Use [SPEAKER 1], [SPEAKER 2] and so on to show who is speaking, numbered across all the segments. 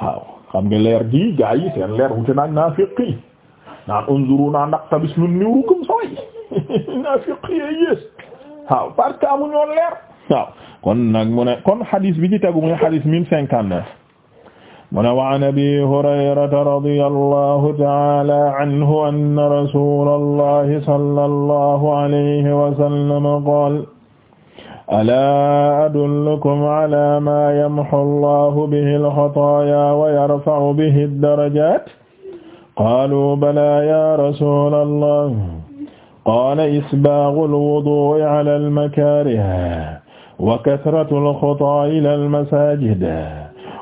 [SPEAKER 1] waaw xam nga leer gi gaa yi seen leer wute naag naa féqi naan unzuruna naqtabis min nurikum saway naa féqi yee yées waaw parce que amuñoon leer waaw kon nag mu ne kon xadis bi ci tegu muy xadis mille cinquante neuf mu ne wa an abi hurayrata radiyallahu ta'ala anhu anna rasulallahi sallallahu alayhi wa sallam qaala alaa adullukum ala ma yamhu allahu bihi alxataaya wa yarfa'u bihi addarajaat qaaluu balaa ya rasula allah qaala isbaagu alwudu'i ala almakaarih wa kasratu alxutaa ila almasaajid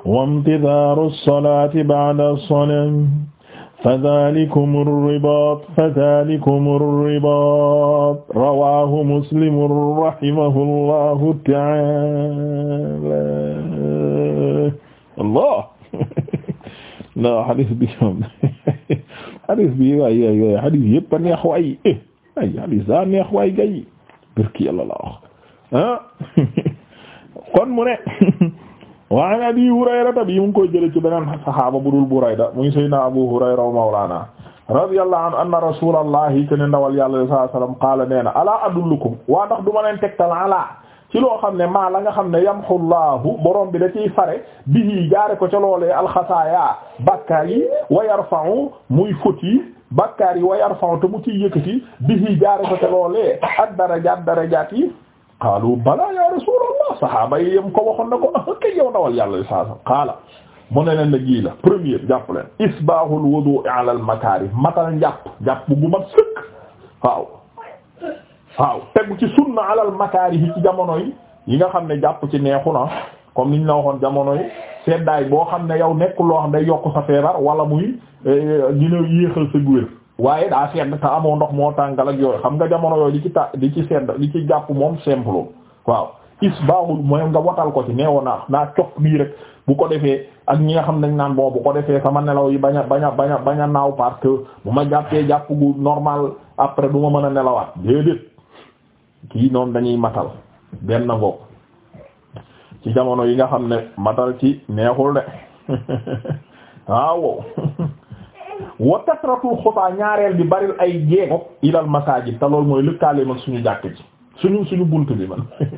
[SPEAKER 1] wa imtidaaru alsalaati ba'da assalaam fadhalikumu ribaat fadhalikumu ribaat rawaahu muslim rahimahullahu ta'aala Allah non xadis bi moom xadis bi waay waay waay xadis yëpp a neex waay eh، ay xadis daa neex waay gay barki Yàlla la wax ah kon mu ne wa an abi hurayrata bi mu ngi koy jële ci beneen saxaaba bu dul burayda muy sayyidina abu hurayra wa mawlana radiyallahu anhu anna rasulallahi te ne ndawal yàlla sallallahu alayhi wasallam qaala nee na alaa adullukum waa ndax du ma leen tegtal alaa ci loo xam ne maa la nga xam ne yamxullaahu borom bi da ciy fare bihi jaare ko ca loolee alxasaaya bakkaar yi wa yarfa'u muy fóot yi bakkaar yi wa yarfa'u te mu ciy yëkkati bihi jaare ko ca loolee ak darajaat darajaat yi qaalu balaa ya rasulallah saxaaba yi yam ko waxoon na ko ah kay ndawal yàlla li saa qaala mu ne leen na gii la premier jàpp leen isbahul wudu ala al makaari matal njàpp njàpp gu mat sëkk waaw waaw tegu ci sunna alal al makaari yi ci jamono yi yi nga xam ne jàpp ci neexu na comme niñ la waxoon jamono yi seddaay boo xam ne yow nekkul loo xam ne day yokk sa feebar wala muy eh, eh, dina yéexal sa guwér waaye daa sedd te amoo ndox moo tàngal ak yooyu xam nga jamono yooyu li ci ta li ci sedd li ci jàpp moom simple waaw isbahul mooy nga watal ko ci neewoon naa naa cop bii rek bu ko defee ak ñi nga xam nañ naan boo bu ko defee sama nelaw yi bañ a bañ a bañ a bañ a naaw parce que bu ma jàppee jàpp gu normal après du ma mën a nelawaat déedéet kii dañuy matal benn jamono yi nga xam ne matal ci neexul de waaw wa kasratul xutaa ñaareel bi baril ay jéego ilal masaajid te lool mooy lëkkaale mag suñu jàkk ji suñu suñu bunt bi man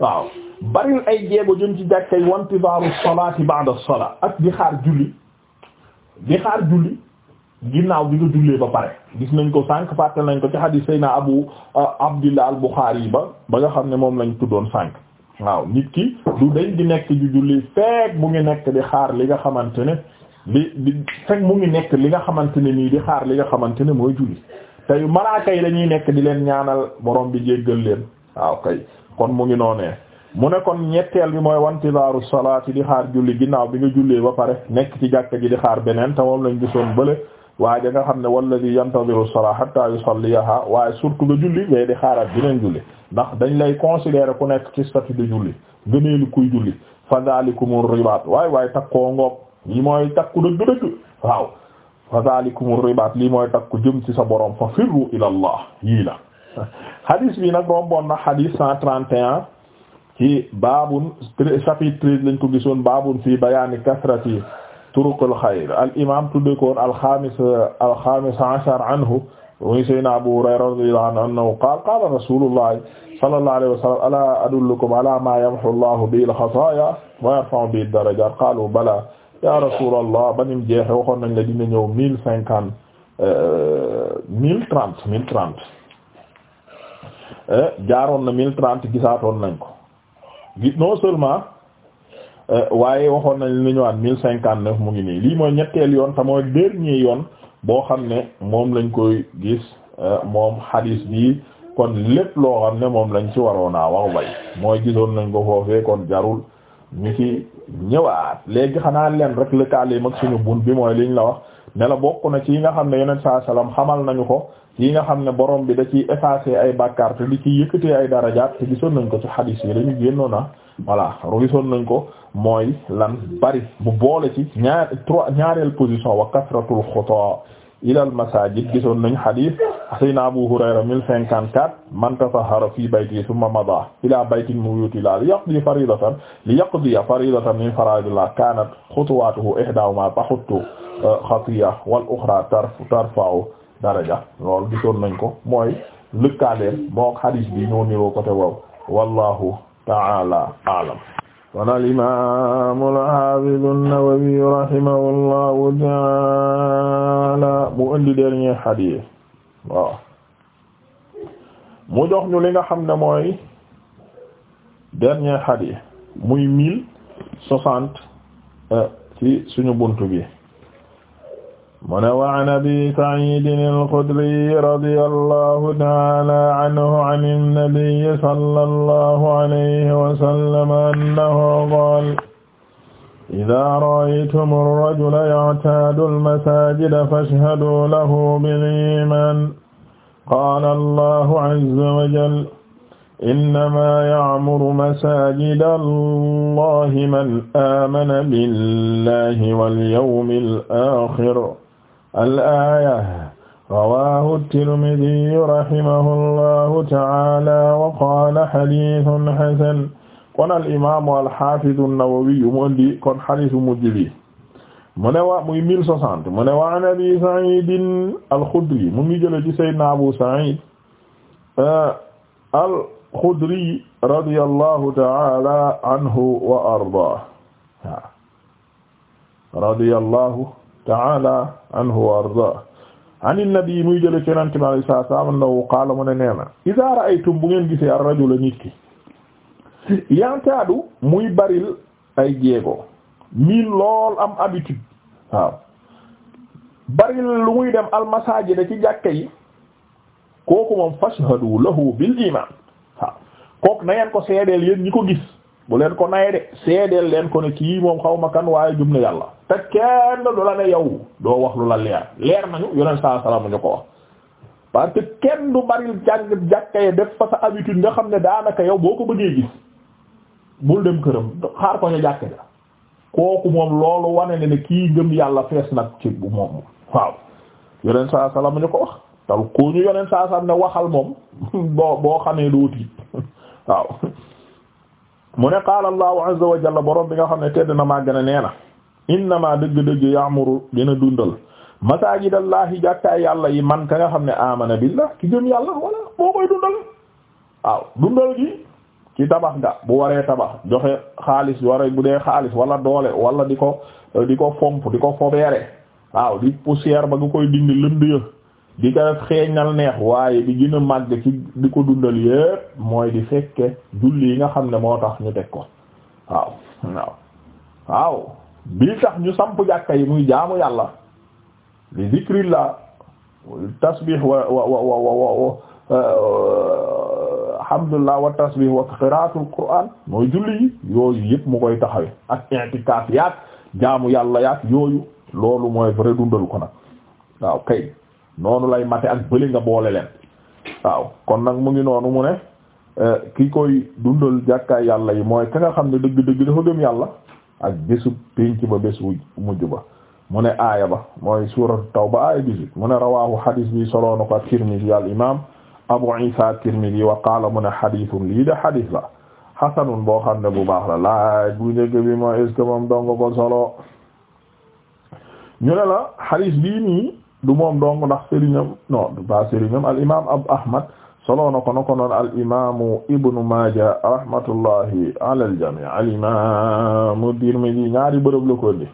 [SPEAKER 1] waaw baril ay jéego jëm ci jàkkay wantizaaru salaati ba'da sola ak di xaar julli di xaar julli ginnaaw bi nga jullee ba pare gis nañ ko sànq fàtte nañ ko ci hadith sayna abu uh, abdillah al yi ba ba nga xam ne moom lañ tuddoon sànq waaw nit ki du dañ di nekk ju julli fekk mu ngi nekk di xaar li nga xamante ne bi di fekk mu ngi nekk li nga xamante ne nii di xaar li nga xamante ne mooy julli tey malaaka yi dañuy nekk di leen ñaanal borom bi jéggal leen waaw kay kon mu ngi noonee mu ne kon ñetteel bi mooy wanti wantizaaru salaati di xaar julli ginnaaw bi nga jullee ba pare nekk ci jàkka ji di xaar beneen te moom lañ gisoon bële waaye nga xam ne walladi yantaziru salaa hatta yusalliha waaye surtout nga julli mais di xaaral beneen julli ndax dañ lay considérer ku nekk ci statut de julli gëneelu kuy julli fa zaalikumur ribaat waay waay takkoo ngoog lii mooy takku dëgg-dëgg waaw fa zalikum ribaat lii mooy takku jëm ci sa borom fa firru ila allah yii la hadis bi nag romboon na hadis cent trente et un ci baabun chapitre treize lañ ko gisoon baabun fii bayaani kasrati turuqul xayr al imam tudde ko woon al xaamis al xaamis ashar anhu muy sayna Abu Hurayra radiyallahu anhu annahu qaala qaala rasuulullahi sallallahu alayhi wa sallam alaa adullukum alaa maa yamhu llahu bihi al xataaya wa yarfa'u bihi ad-darajaat qaalu balaa ya rasulallah banim jeexe waxoon nañ la dina ñëw mille cinquante euh, mille trente mille trente eh, jaaroon na mille trente gisaatoon nañ ko gi non seulement euh, waaye waxoon nañ li ñëwaat mille cinquante neuf mu ngi nii lii mooy ñetteel yoon te mooy dernier yoon boo xam ne moom lañ koy gis euh, moom hadis bi kon lépp loo xam ne moom lañ ci waroon a wax way mooy gisoon nañ ko foofee kon jarul ñu ci ñëwaat léegi xanaa leen rek lëkkaale mag suñu bun bi mooy liñ la wax ne la bokk na ci yi nga xam ne yonent saa salaam xamal nañu ko yi nga xam ne borom bi da ciy effacer ay bàkkaar te li ci yëkkatee ay darajaat te gisoon nañ ko ci xadiis yi dañu génnoon na voilà gisoon nañ ko mooy lan bari bu boole ci ñaar trois ñaareel position wa kasratul xutaa ilal masajid gisoon nañ hadith sayna Abu Hurayra 1054 man tatahhara fi bayti thumma mada ila baytin min buyuti la li yaqdi faridatan li yaqdi faridatan min faradillah kanat khutuwatuhu ihdahuma tahuttu khatiya uh, wal ukhra tarfa'u daraja loolu gisoon nañ ko mooy lëkkaaleel moo hadith bi ñoo niroo côté wow wallahu ta'ala a'lam kon al-imaamu al-haafidu an-Nawawi rahimahullahu mu indi dernier hadith waaw mu jox ñu li nga xam ne mooy dernier yi muy mille soixante euh, ci suñu bunt bi mu ne wa an abi saidin alxudriy radi allahu taala aanhu an annabiyi sala allahu alayhi wasallama annahu qaal ida raaytum arrajula yactaadu almasajida fashhaduu lahu biliman qaala allahu azza wa jal innamaa ya'muru masaajida allahi man aamana billahi walyawmil aaxir al-aaya rawaahu at-Tirmidhii rahimahullahu ta'aala wa qaala hadiithun hasan kon al-imaamu al-haafidu an-Nawawi mu indi kon hadiisu mujj bi mu ne wa muy 1060 mu ne wa an Abii Sa'iid al-Khudri mu ngi jële ci Sayyidinaa Abuu Sa'iid euh, al-Khudri radiyallahu ta'aala anhu wa ardaahu radiyallahu taala anhu wa ardah an innabi muy jële ci yonente bi alayhi salaatu salaam annahu qaala mu ne nee na idaa ra'aytum bu ngeen gise al rajula nit ki yantaadu muy baril ay jéego miin lool am habitude waaw baril lu muy dem almasaajida ci jàkka yi kooku moom fashhadu lahu bil iman waaw kooku na yen ko seedeel yéen ñi ko gis bu leen ko naye de seedeel leen ko ne kii moom xaw ma kan waaye jum na yàlla te kenn du la ne yow doo wax lu la leer leer nañu yoneen saa salaam ñu ko wax parce kenn du bari jàng jàkkaye def fa sa habitude nga xam ne daanaka yow boo ko bëggee gis bul dem këram xaar ko ñu jàkke ja kooku moom loolu wane ne ne kii ngëm yàlla fees nag ci bu moom waaw yoneen saa mu ñu ko wax tal koo ñu yoneen saa salaam ne waxal moom boo boo xamee doo tiit waaw mu ne qaala allahu azza wa jalla borom bi nga xam ne tedd na maa gën a nee na innama dëgg-dëgg yaamuru dina dundal masaajidallahi jàkkaay yàlla yi man ka nga xam ne amana billah ki gëm yàlla wala boo koy dundal waaw dundal gi ci tabax nga bu waree tabax joxe xaalis waree bu dee xaalis wala doole wala di ko di ko fomp di ko fobeere waaw di poussière ba nga koy dindi lënd ya di garab xeeñal neex waaye bi gën a màgg ci di ko dundal yépp mooy di fekke julli yi nga xam ne moo tax ñu teg ko waaw waaw waaw bii tax ñu samp jàkka yi muy jaamu yàlla li la tasbih wa wa wa wa wa eh, alhamdulillah wa tasbih wa qiraatul qur'aan mooy julli yi yooyu yépp mu koy taxawe ak i'tikaaf yaak jaamu yàlla yaak yooyu loolu mooy vrai dundal ko nag waaw kay noonu lay mate ak bëli nga boole leen waaw kon nag mu ngi noonu mu ne eh, ki koy dundal jàkkaay yàlla yi mooy ka nga xam ne dëgg-dëgg dafa gëm yàlla ak bésu pénc ba bés mujj ba mu ne aaya ba mooy suuratu tawba aaya 18 mu ne rawaahu hadis bi solo na ko ak tirmidhi al imam Abu Isa at-Tirmidhi wa qaala mu ne hadithun lii de hadis la hasanun boo xam ne bu baax la laaj bu njëkk bi mooy est moom donga ko solo ñu ne la hadis bii nii du moom dong ndax sëriñam non du ba sëriñam al imam abu ahmad solo na ko na ko noon al imamu ibnu maaja rahmatullahi ala al jami' al imamu dirmidi ñaari bërëb la ko ndi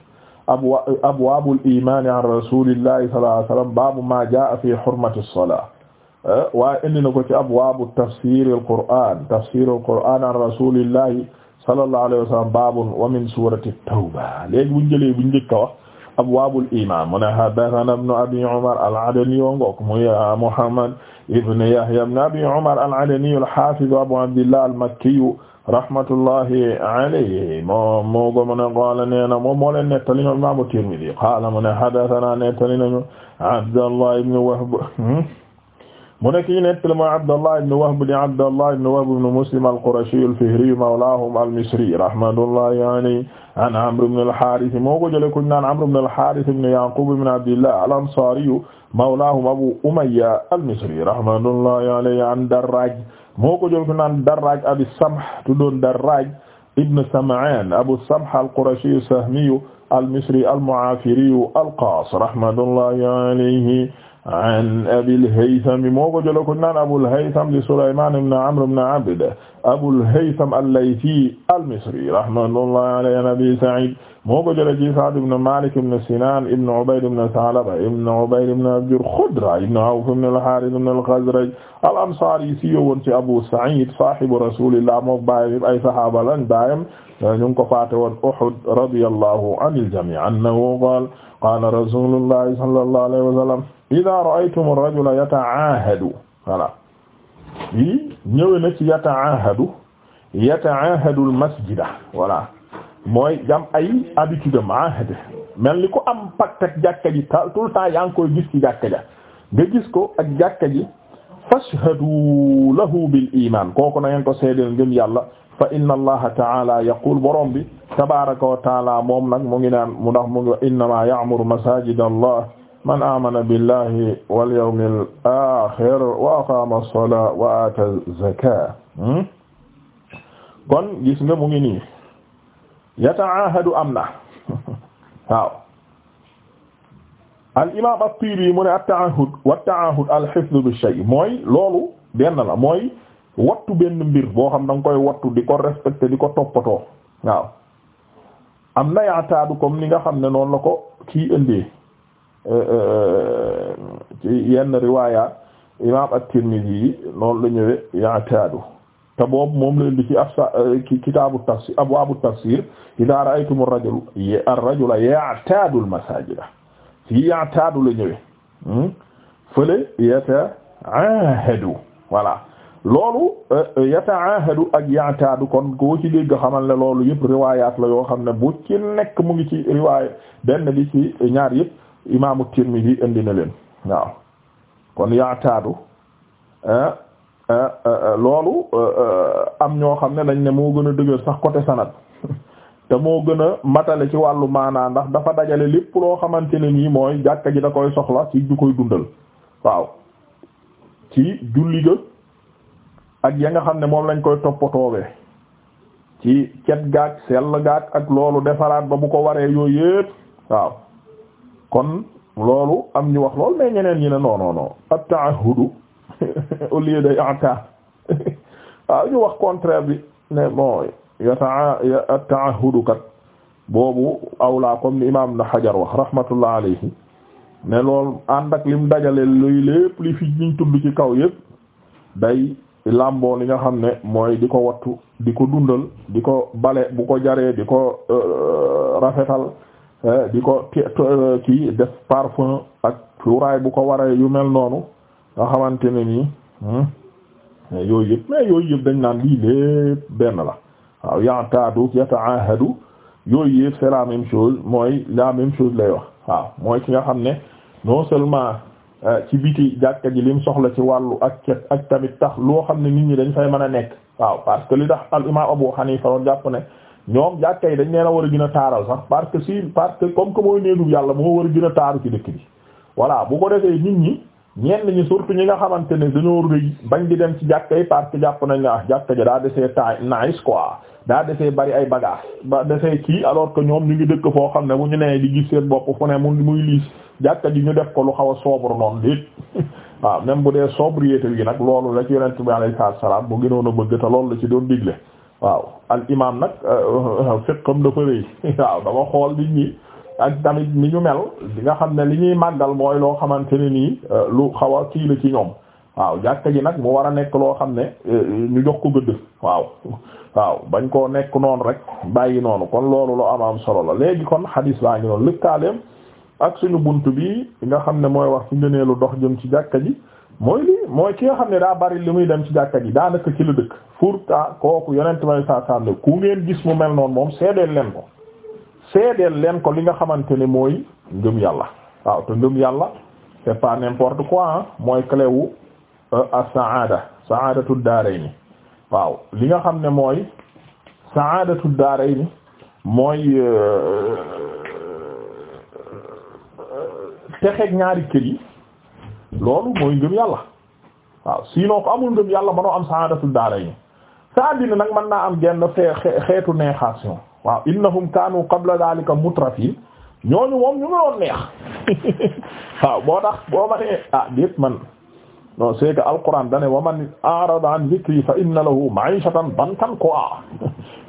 [SPEAKER 1] abwa abwaabul iman an rasulillahi sallallahu alayhi wasallam baabu ma jaa fi hurmati as-salat eh, waaye indi na ko ci abwaabu tafsir al-qur'an tafsir al-qur'an an rasulillahi sallallahu alayhi wasallam baabun wa min surati at-tawba léegi buñ jëlee buñ njëkk a wax abwaabul iimaan mu ne haddathanaa ibnu abii umar al-adani wa ngoog muy muhammad ibn yahya ibnu abii umar al-adani al-haafiz abu abdillah al-makki rahmatullahi alayhi moo moo ko mën a qaala nee na moom moo leen nettali ñoom imaamu tirmidi qaala mu ne haddathanaa nettali nañu abdallah ibnu wahb hmm? mu nekk ñu nettali mooy Abdallah ibn Wahb ibn Abdallah ibn Wahb ibn Muslim al-Qurashi al-Fihri mawlaahum al-Misri rahmatullahi alayhi an Amr ibn al-Harith moo ko jëlee ku ñu naan Amr ibn al-Harith ibn Yaqub ibn Abdillah al-Ansari mawlaahum Abu Umayya al-Misri rahmatullahi alayhi an Darraj moo ko jëlee ku ñu naan Darraj Abi Samh tuddoon Darraj ibn Sam'an Abu Samh al-Qurashi as-Sahmi al-Misri al-Mu'afiri al-Qas rahmatullahi alayhi an Abil Haytham moo ko jëlee ko naan Abul Haytham di Sulaymaan ibn Amr ibn Abd Abul Haytham al-Laythi al-Misri rahmatullahi alayhi an Abi Sa'id moo ko jëlee ci Sa'd ibn Malik ibn Sinan ibn Ubayd ibn Tha'laba ibn Ubayd ibn Abjur Khudra ibn Awf ibn al-Harith ibn al-Khazraj al-Ansari si yowoon ci Abu Sa'id sahibu Rasulillah moo bàyyi ay sahaaba lañ bàyyam ñu ngi ko faate woon Uhud radiyallahu anil jami' annahu qala qala Rasulullah sallallahu alayhi wa sallam ida ra'aytum ar-rajula yata'ahadu voilà yii ñëwee na ci yata'ahadu yata'ahadu al-masjida voilà mooy jam ay habitude am ahad mel ni ku am pacte ak jàkka ji tout le temps yaa ngi koy gis ci jàkka ja nga gis ko ak jàkka ji fashhadu lahu bil iman kooku na ngeen ko seedeel ngëm yàlla fa inna allaha taala yaqul borom bi tabaraka wa taala moom nag mu ngi naan mu ndax mu ngi innama ya'muru masajid allah man amana billahi wal yawmil axir wa aqama as-salata wa hmm? kon gis nga mu ngi nii yataahadu am na waaw al imam at-Tiibi mu ne at-taahud wat al-hifdu bi-shay mooy loolu benn la moy wattu benn mbir boo xam da nga koy wattu di ko respecté di ko toppatoo waaw am na yaataadu kom ni nga xam ne noonu la ko Euh, euh, euh, ci yenn riwaaya imaam at-Tirmidhi yi noonu la ñëwee ya'taadu te boobu moom leen di ci afsa kitaabu tafsir abwaabu tafsir idaa ra'aytumu ar-rajula ar-rajula ya'taadu al-masaajida fii ya'taadu la ñëwee hmm? fële yata'aahadu voilà loolu yata'aahadu ak ya'taadu kon koo ci dégg xamal ne loolu yëpp riwaayaat la yoo xam ne bu ci nekk mu ngi ci riwaaya benn bi ci ñaar yëpp. imaamu Tirmidhi indi na leen waaw kon yaataadu eh, eh, eh, loolu am ñoo xam ne dañ ne moo gën a dëgër sax côté sanad te moo gën a matale ci wàllu maanaa ndax dafa dajale lépp loo xamante ne nii mooy jàkka ji da koy soxla ci du koy dundal waaw ci julli ga ak ya nga xam ne moom lañ koy toppatoowee ci cet gaag sell gaag ak loolu defaraat ba bu ko waree yooyu yépp waaw kon loolu am ñu wax lool mais ñeneen ñi ne non non non au lieu de i'ta waaw ah, ñu wax contraire bi ne bon yataa at-ta'ahhudu kat boobu awla comme ni imaam na xajar wax rahmatullah alayhi ne lool ànd ak lim dajale luy lépp li fi ñu tudd ci kaw yëpp day làmboo li nga xam ne mooy di ko wattu di ko dundal di ko bale bu ko jaree di ko euh, rafetal Eh, di ko eh, ki def parfum ak cuuraay bu ko waree yu mel noonu nga xamante ne nii hmm, yooyu yëpp mais yooyu yëpp dañ naan lii lépp benn la waaw ya'taadu yata'ahadu yooyu yëpp c'est la même chose mooy la même chose lay wax waaw mooy ki nga xam ne non seulement eh, ci biti jàkka ji lim soxla ci wàllu ak cet ak tamit tax loo xam ne nit ñi dañ fay mën a nekk waaw parce que li tax al imam Abu Hanifa doon jàpp ne ñoom jàkka yi dañ leen a war a gën taaral sax parce que si parce que comme que mooy néegub yàlla moo war a gën a taaru ci dëkk bi voilà bu ko defee nit ñi ñenn ñi surtout ñi nga xamante ne dañoo rëy bañ di dem ci jàkka yi parce que jàpp nañ ah jàkka ja daa desee ta nice quoi daa desee bari ay bagage ba desee kii alors que ñoom ñu ngi dëkk foo xam ne bu ñu nee di gis seen bopp fu ne mu muy liis jàkka ji ñu def ko lu xaw a sobre noonu déet waaw même bu dee sobriété bi nag loolu la ci yonent bi alayhi salaam loolu la ci doon digle waaw al nag nag comme dafa rëy waaw dafa xool nit ñi ak tamit ni ñu mel di nga xam ne li ñuy màggal mooy loo xamante ne nii euh, lu xaw a kii la ci ñoom waaw jàkka ji nag mu war a nekk loo xam ne euh, ñu jox ko gëdd waaw waaw bañ koo nekk noonu rek bàyyi noonu kon loolu lu am am solo la léegi kon xadiis baa ngi noonu lëkkaaleem ak suñu bunt bi nga xam ne mooy wax ci lu dox jëm ci jàkka ji mooy lii mooy ki nga xam ne daa bari li muy dem ci jàkka ji daanaka ci la dëkk pourtant kooku yonent may saa saa ne ku ngeen gis mu mel noonu moom seedeel leen ko seedeel leen ko li nga xamante ne mooy ngëm yàlla waaw te ngëm yàlla c'est pas n'importe quoi ah mooy clé wu euh, as-sa'ada sa'adatu daarayni waaw li nga xam ne mooy sa'adatu daarayni mooy euh, euh, texeeg ñaari kër yi loolu mooy ngëm yàlla waaw sinon ko amul ngëm yàlla manoo am saadatul daarayni sa àddina nag man naa am genn xeetu neexation waaw innahum kaanu qabla dhalika mutrafin ñooñu neex waaw moo tax boo ma nee ah déet man non c'est que alquran dane wa man a'rada an dhikri dankan quoi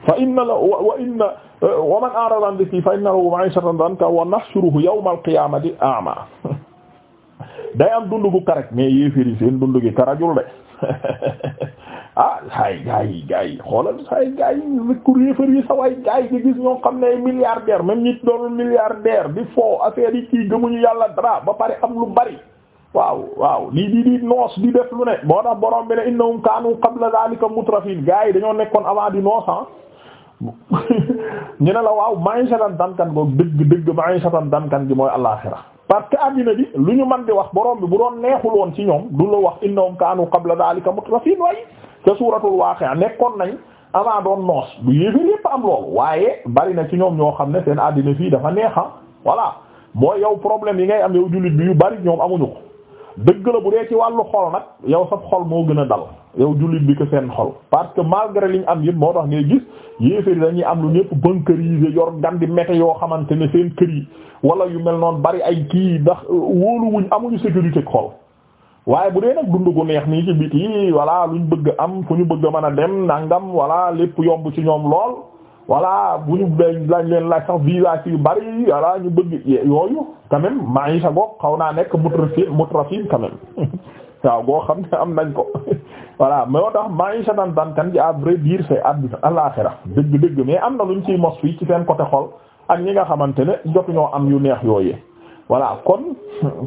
[SPEAKER 1] fa inna la wa inna wa man a'rada dankan wa nahshuruhu yawma alqiyamati a'ma day am dund gu karaj mais yéeféer yi seen dund gi karajul de ah saay gaa yi yi xoolal saay gaa yi rëkku yéeféer yi sa waay gaa yi di gis ñoo xam ne ay milliardaire même ñi doon milliardaire di foo affaire yi kii gëmuñu yàlla dara ba pare am lu bari waaw waaw di di di noos di def lu ne moo tax borom bi ne innahum kaanu qabla dhalika mutrafin gaa yi dañoo nekkoon avant di noos ah ñu ne la waaw ma'iishatan dankan ko dëgg dëgg ma'iishatan dankan gi mooy àllaaxira parce que àddina bi lu ñu man di wax boroom bi bu doon neexul woon ci ñoom du la wax innahum kaanu qabla daalika mutrafiin waaye ca suuratul waaqi'a nekkoon nañ avant doon noos du yéeféer yépp am loolu waaye bari na ci ñoom ñoo xam ne seen àddina fii dafa neexa voilà mooy yow problème yi ngay am yow jullit bi yu bari ñoom amuñu ko dëgg la bu dee ci wàllu xol nag yow sab xol moo gën a dal yow jullit bi ko seen xol parce que malgré liñ am yëpp moo tax ngay gis yéeféri dañuy am lu ñëpp bunkerisé yor gandi mété yoo xamante ne seen kër yi wala yu mel noonu bari ay kii ndax euh, wóoluwuñ amuñu sécurité xol waaye bu dee nag dund gu neex nii ci biti voilà luñ bëgg am fu ñu bëgg a mën a dem nangam voilà lépp yomb ci ñoom lool voilà bu ñu dañ lañ leen laaj sax visa ci yu bari voilà ñu bëgg yooyu quand même maïsa goog xaw naa nekk mutrafin mutrafin quand même waaw boo xam ne am nañ ko voilà moo tax maïsa tan tan à vrai dire c'est àddina àllaxira dëgg-dëgg mais am na luñ ciy mos fii ci seen côté xol ak ñi nga xamante ne jotu ñoo am yu neex yooyee voilà kon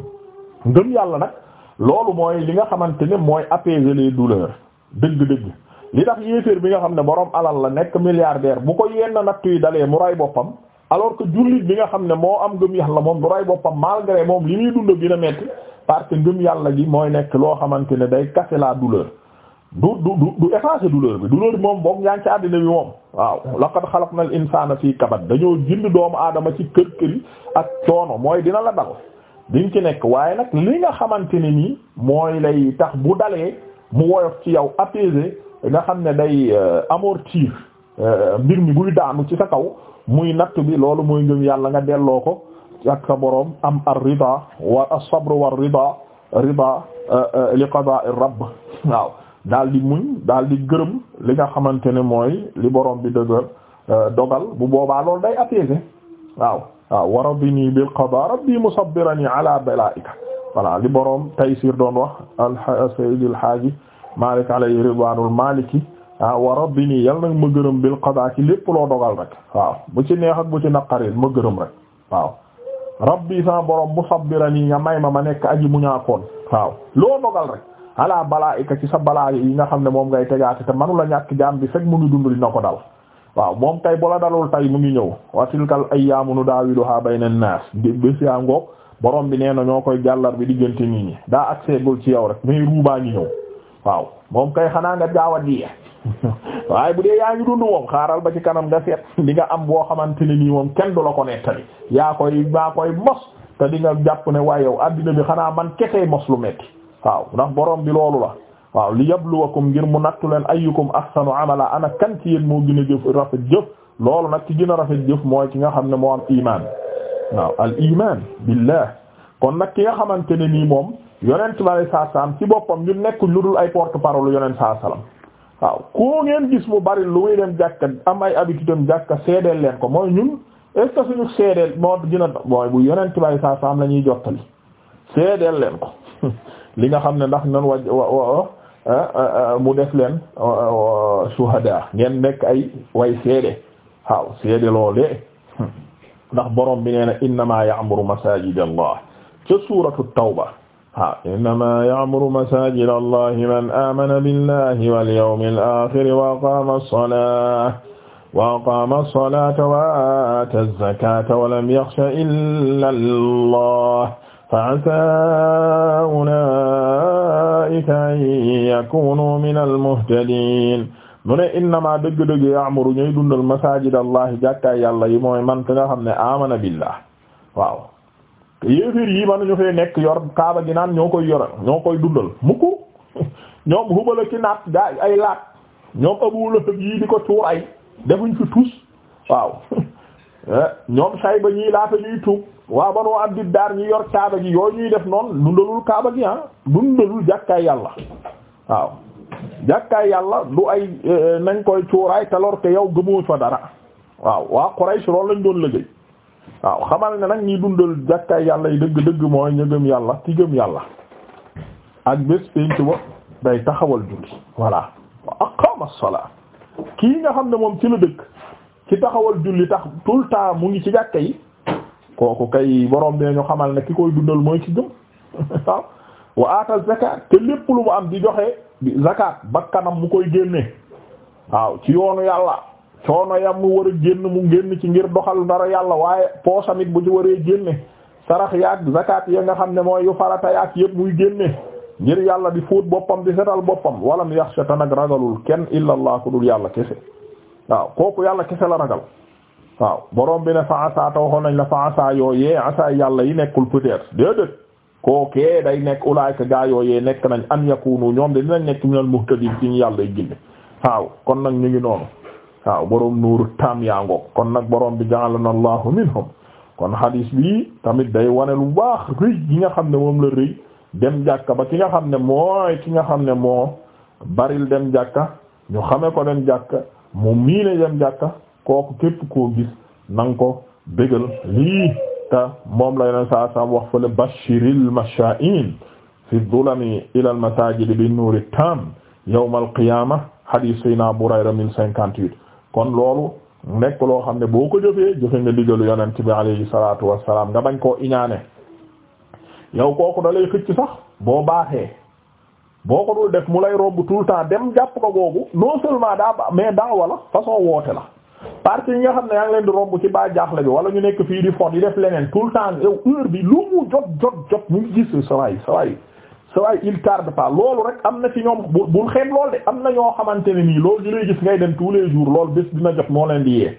[SPEAKER 1] ngëm yàlla nag loolu mooy li nga xamante ne mooy apaiser les douleurs dëgg-dëgg li tax yéeféer bi nga xam ne boroom alal la nekk milliardaire bu ko yenn nattu yi dalee mu ray boppam alors que jullit bi nga xam ne moo am ngëm la moom du ray boppam malgré moom li muy dund gën a metti parce ngëm yàlla gi mooy nekk loo xamante ne day casser la douleur du du du effacer douleur bi douleur bi moom boog yaa ci àddina bi moom waaw laqad xalaqnal insaana fii kabad dañoo jënd doomu aadama ci kër kër ak coono mooy dina la dal diñ ci nekk waaye nag li nga xamante ne nii mooy lay tax bu dalee mu woyof ci yow apaiser nga xam ne day euh, amortir euh, mbir mi buy daanu ci sa kaw muy natt bi loolu muy ngëm yàlla nga delloo ko ak boroom am ar rida wa as-sabr rida rida li qada'i daal di muñ daal di gërëm li nga xamante ne mooy li boroom bi dëgër euh, dogal bu boobaa loolu day apaiser waaw waaw wa rabbini bil ala bala'ika li boroom Taysir doon wax al sayyid al Maalik alayhi ridwaanul maaliki ah wa rabbini yal nag ma gërëm bil qadaa ki lépp loo dogal rek waaw bu ci neex ak bu ci naqari ma gërëm rek waaw rabbi sama borom musabbirani nga may ma ma nekk aji mu ñaakoon waaw loo dogal rek ala balaa'ika ci sa balaa yi nga xam ne moom ngay tegaate te manu la ñàkk jaam bi fekk mu ngi dund dina ko dal waaw moom tay bu la dalul tay mu ngi ñëw wa tilkal ayyaamu nudaawiluhaa bayna an-naas bés yaa ngoog borom bi nee na ñoo koy jàllar bi diggante nit ñi daa accès ci yow rek mais waaw moom kay xanaa nga gaaw a diye waaye bu dee yaa ngi dund moom xaaral ba ci kanam nga seet li nga am boo xamante ne nii moom kenn du la ko nettali yaa koy yaa koy mos te di jàpp ne waaye yow àddina bi xanaa man kesey mos lu metti waaw ndax boroom bi loolu la waaw li yabluwakum ngir mu nattu leen ayyukum ahsanu amala ana kan ci yéen moo gën a jëf rafet jëf loolu nag ci gën a rafet jëf mooy ki nga xam ne moo am iman waaw al iman billah kon nag ki nga xamante ne nii moom yonent bi alay saa salaam ci boppam ñu nekkuñ lu dul ay porte parole yonent saa salaam waaw koo ngeen gis mu bari lu muy dem jàkka am ay habitude am jàkka seedeel leen ko mooy ñun est ce que suñu seedeel moo dina mooy bu yonent bi alay saa salaam la ñuy jottali seedeel leen ko li nga xam ne ndax nan wa wa ah, ah, ah, mu def leen suhada ngeen nekk ay way seede waaw seede loolee ndax borom bi nee na innamaa ya'muru masaajida Allah ca suuratu tawba waaw ah, innama ya'muru masajid allahi man amana billahi wal yawmil akhir wa aqama as-salata wa aqama as-salata wa ata az-zakata wa lam yakhsha illa allah fa'asa ulaika an yakunu min al-muhtadin mu ne innama dëgg-dëgg ya'muru ñuy dundal masajid allahi jàkkaay yàlla yi mooy man ka nga xam ne amana billah waaw te yéeféer yi mën nañu fee nekk yor kaaba gi naan ñoo koy yore ñoo koy dundal mukk ñoom hubala ci naat gaa ay laat ñoom Abu Lahab yi di ko tuur ay defuñ fi tus waaw eh, ñoom ba ñii laata ñuy tuub waa Banu Abdid Daar ñi yor kaaba gi yooyu ñuy def noonu dundalul kaaba gi ah dundalul jàkkaay yàlla waaw jàkkaay yàlla lu ay eh, nañ koy cuuraay taloor te yow gëmoo fa dara waaw waa Quraysh loolu lañ doon liggéey waaw xamal ne nag ñi dundal jàkkaay yàlla yi dëgg dëgg mooy ñu gëm yàlla ci gëm yàlla ak bés penc ba day taxawal julli voilà wa aqama as kii nga xam ne moom ci la dëkk ci taxawal julli tax tout le temps mu ngi ci jàkka yi kooku kay borom bee ñu xamal ne ki koy dundal mooy ci gëm waaw wa atal zakat te lépp lu mu am di joxe zakat kanam mu koy génne waaw ci yoonu yàlla coono yam mu war génn mu génn ci ngir doxal dara yàlla waaye poosam it bu ci waree génne sarax yaak zakat ya nga xam ne mooy yu farata yaak yëpp muy génne ngir yàlla di fóot boppam di setal boppam wala walam yaxsha nag ragalul kenn illa allah ku dul yàlla kese waaw kooku yàlla kese la ragal waaw borom bi ne fa asa ta waxoon nañ la fa asa yooyee asa yàlla yi nekkul peut-être déedéet kookee day nekk ulaayka gaa yooyee nekk nañ an yakunu ñoom de dinañ nekk minal muhtadin ci ñu yàlla yi gindi waaw kon nag ñu ngi noonu waaw borom nuuru taam yaa ngoog kon nag boroom bi ja'alana allahu minhum kon hadis bi tamit day wane lu baax rëy gi nga xam ne moom la rëy dem jàkka ba ki nga xam ne mooy ki nga xam ne moo baril dem jàkka ñu xame ko dem jàkka mu miine dem jàkka kooku képp koo gis nang ko bégal lii te moom la yeneen saa saa wax fële bashiril mashaa'in fi dhulami ila al masajid bi nuuri taam yawm al qiyamah hadis sayna Burayra 1058 kon loolu nekk loo xam ne boo ko jëfee jëfe nga digalu yonent bi alayhi salaatu wassalaam nga bañ koo iñaane yow kooku da lay xëcc sax boo baaxee boo ko dul def mu lay romb tout le temps dem jàpp ko boobu non seulement daa ba mais daa wala façon woote la parce yi nga xam ne yaa ngi leen di romb ci baa jaaxle bi wala ñu nekk fii di fon yi def leneen tout le temps yow heure bi lu mu jot jot jot ñu ngi gis sawaay sawaay sa waay il tarde pas loolu rek am na ci ñoom bu bul xeeb lool de am na ñoo xamante ne nii loolu ñu lay gis ngay dem tous les jours loolu bés dina jot moo leen di yee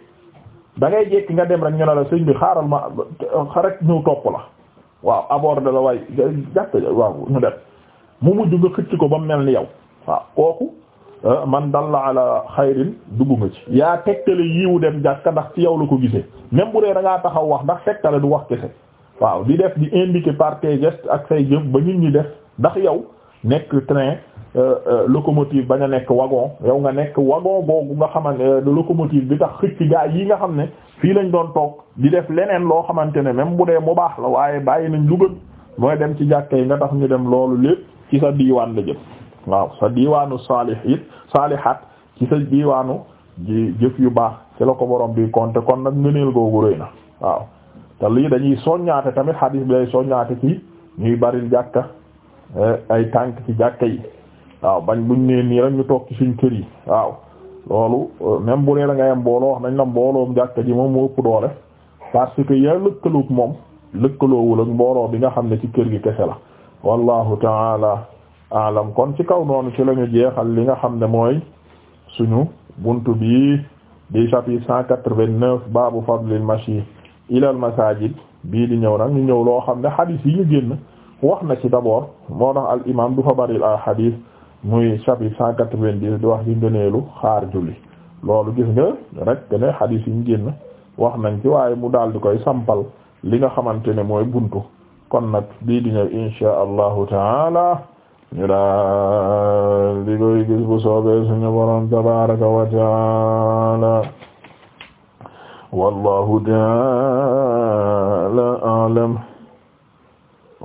[SPEAKER 1] da ngay jekki nga dem rek ñu la sëñ bi xaaral ma rek ñëw topp la waaw abordé la waay jàpp waaw ñu dem mu mujj nga xëcc ko ba mu mel ni yow waaw kooku euh, man dalla la xayrin dugg nga ci yaa tegtale yiwu dem jàkka ndax ci yow la ko gisee même bu dee da ngaa taxaw wax ndax tegtale du wax kese waaw di def di indiquer par tes ak say ba nit ñi def ndax yow nekk train euh, euh, locomotive ba a nekk wagon yow nga nekk wagon boobu nga xamante ne euh, locomotive bi tax xëcc gaa yi nga xam ne fii lañ doon toog di def leneen loo xamante ne même bu dee mu baax la waaye bàyyi nañ lu gën mooy dem ci jàkka yi nga tax ñu dem loolu lépp ci sa diiwaan la jëm waaw sa diiwaanu saalihiit saalihaat ci sa diiwaanu ji jëf yu baax ci la ko borom bi compter kon nag ngëneel googu rëy na waaw te lii dañuy soññaate tamit xadiis bi day soññaate ci ñuy baril jàkka Eh, ay tànk ci jàkka yi waaw bañ buñ nee nii rek ñu toog ci suñ kër yi waaw loolu euh, même bu dee da ngay am mbooloo wax nañ la mbooloom jàkka ji moom mu ëpp doole parce que yaa lëkkaloog moom lëkkaloowul ak mbooloo bi nga xam ne ci kër gi kese la wallahu taala alam kon ci kaw noonu ci la ñu jeexal li nga xam ne mooy suñu bunt bi di chapitre cent quatre-vingt-neuf baabu fadlil mashi ilal masajid bii di ñëw nag ñu ñëw loo xam ne hadith yi ñu génn wax na ci d'abord moo tax al imam du fa bari al hadith muy chapitre cent quatre vingt di wax ci ngëneelu xaar julli loolu gis nga rek ne hadith yi ñu génn wax nañ ci waaye mu daal di koy sampal li nga xamante ne mooy buntu kon nag bii di ñëw insha allahu taala ñu daal di koy gis bu soobee suñu borom tabaraka wa taala alam